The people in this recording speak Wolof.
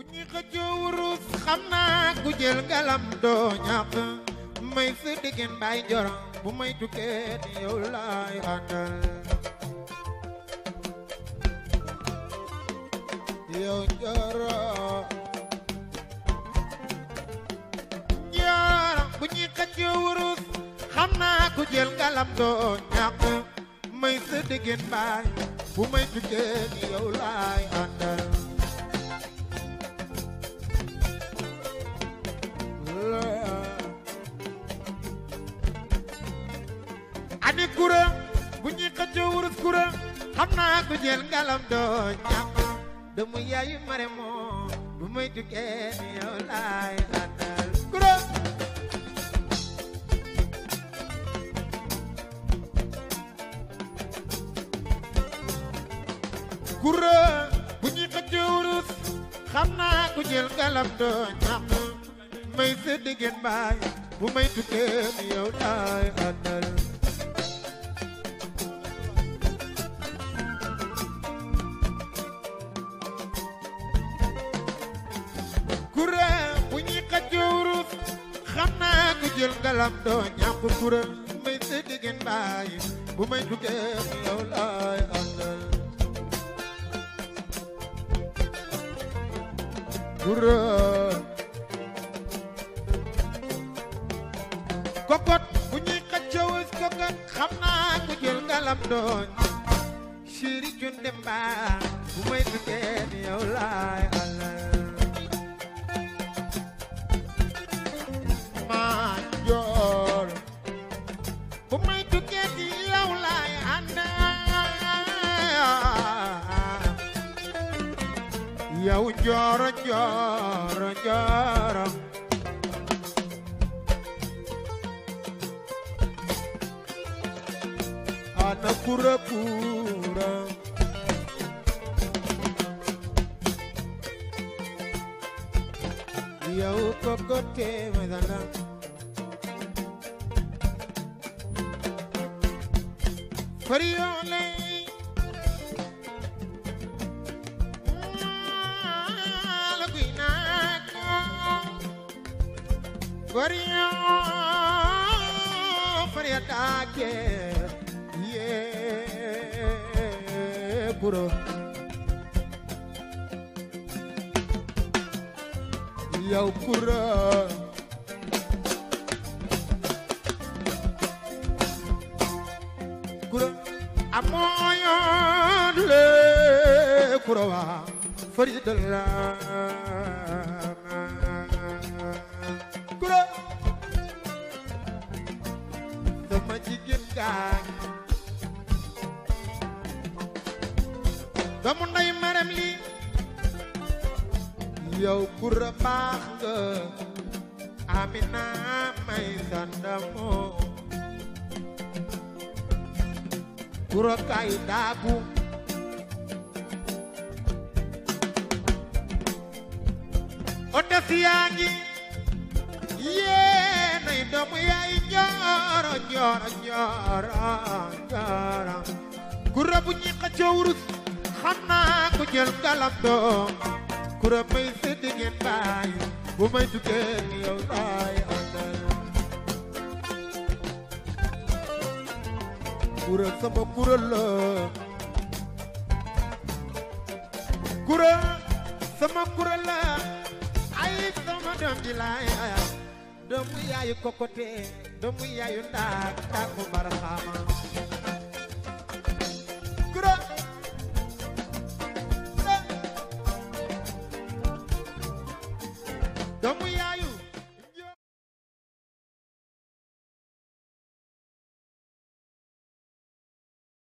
ku ñi xëccoo wurus xam naa ku jël galam doo ñàkk may si diggin bay jor bu may tukkee ni yow laay àndal yow joro joro ku ñi xëccoo wurus xam naa ku jël galam doo ñàkk may si diggin bay bu may tukkee ni yow laay àndal ani kura bu ñuy xëccoo wurus kura xam naa ku jël ngalam doo ñam doomu yaayu mare moo bu may tukkee ni yow laay xatal kura kura bu ñuy xëccoo wurus xam naa ku jël ngalam doo ñam may baay bu may tukkee ni yow laay jël ngalam doo ñàkk kura may sedd ngeen bàyyi bu may duggee yow laay àndal kura kokot bu ñuy xëccoo kokot xam naa ku jël ngalam doo chéri junde mbaa bu may duggee yow laay àndal yow njooro njooro njooro ana kura kura yow kokote madana Fariyo lay Fariya fariya ta kɛ ye kɔrɔ kura a le kura wa fari sa mu ndey merem lii yow kur amina may sandamoo kur a kay daabu o des yaa ngi yéenay doomu yaay njooro njooro njooro xam naa ku jël galam doom kura may si diggeen baay bu may duggee yow laay àndal kura sama kura la kura sama kura la ay sama doom ji laay doomu yaayu kokote doomu yaayu ndaak ndaak mu baraxaama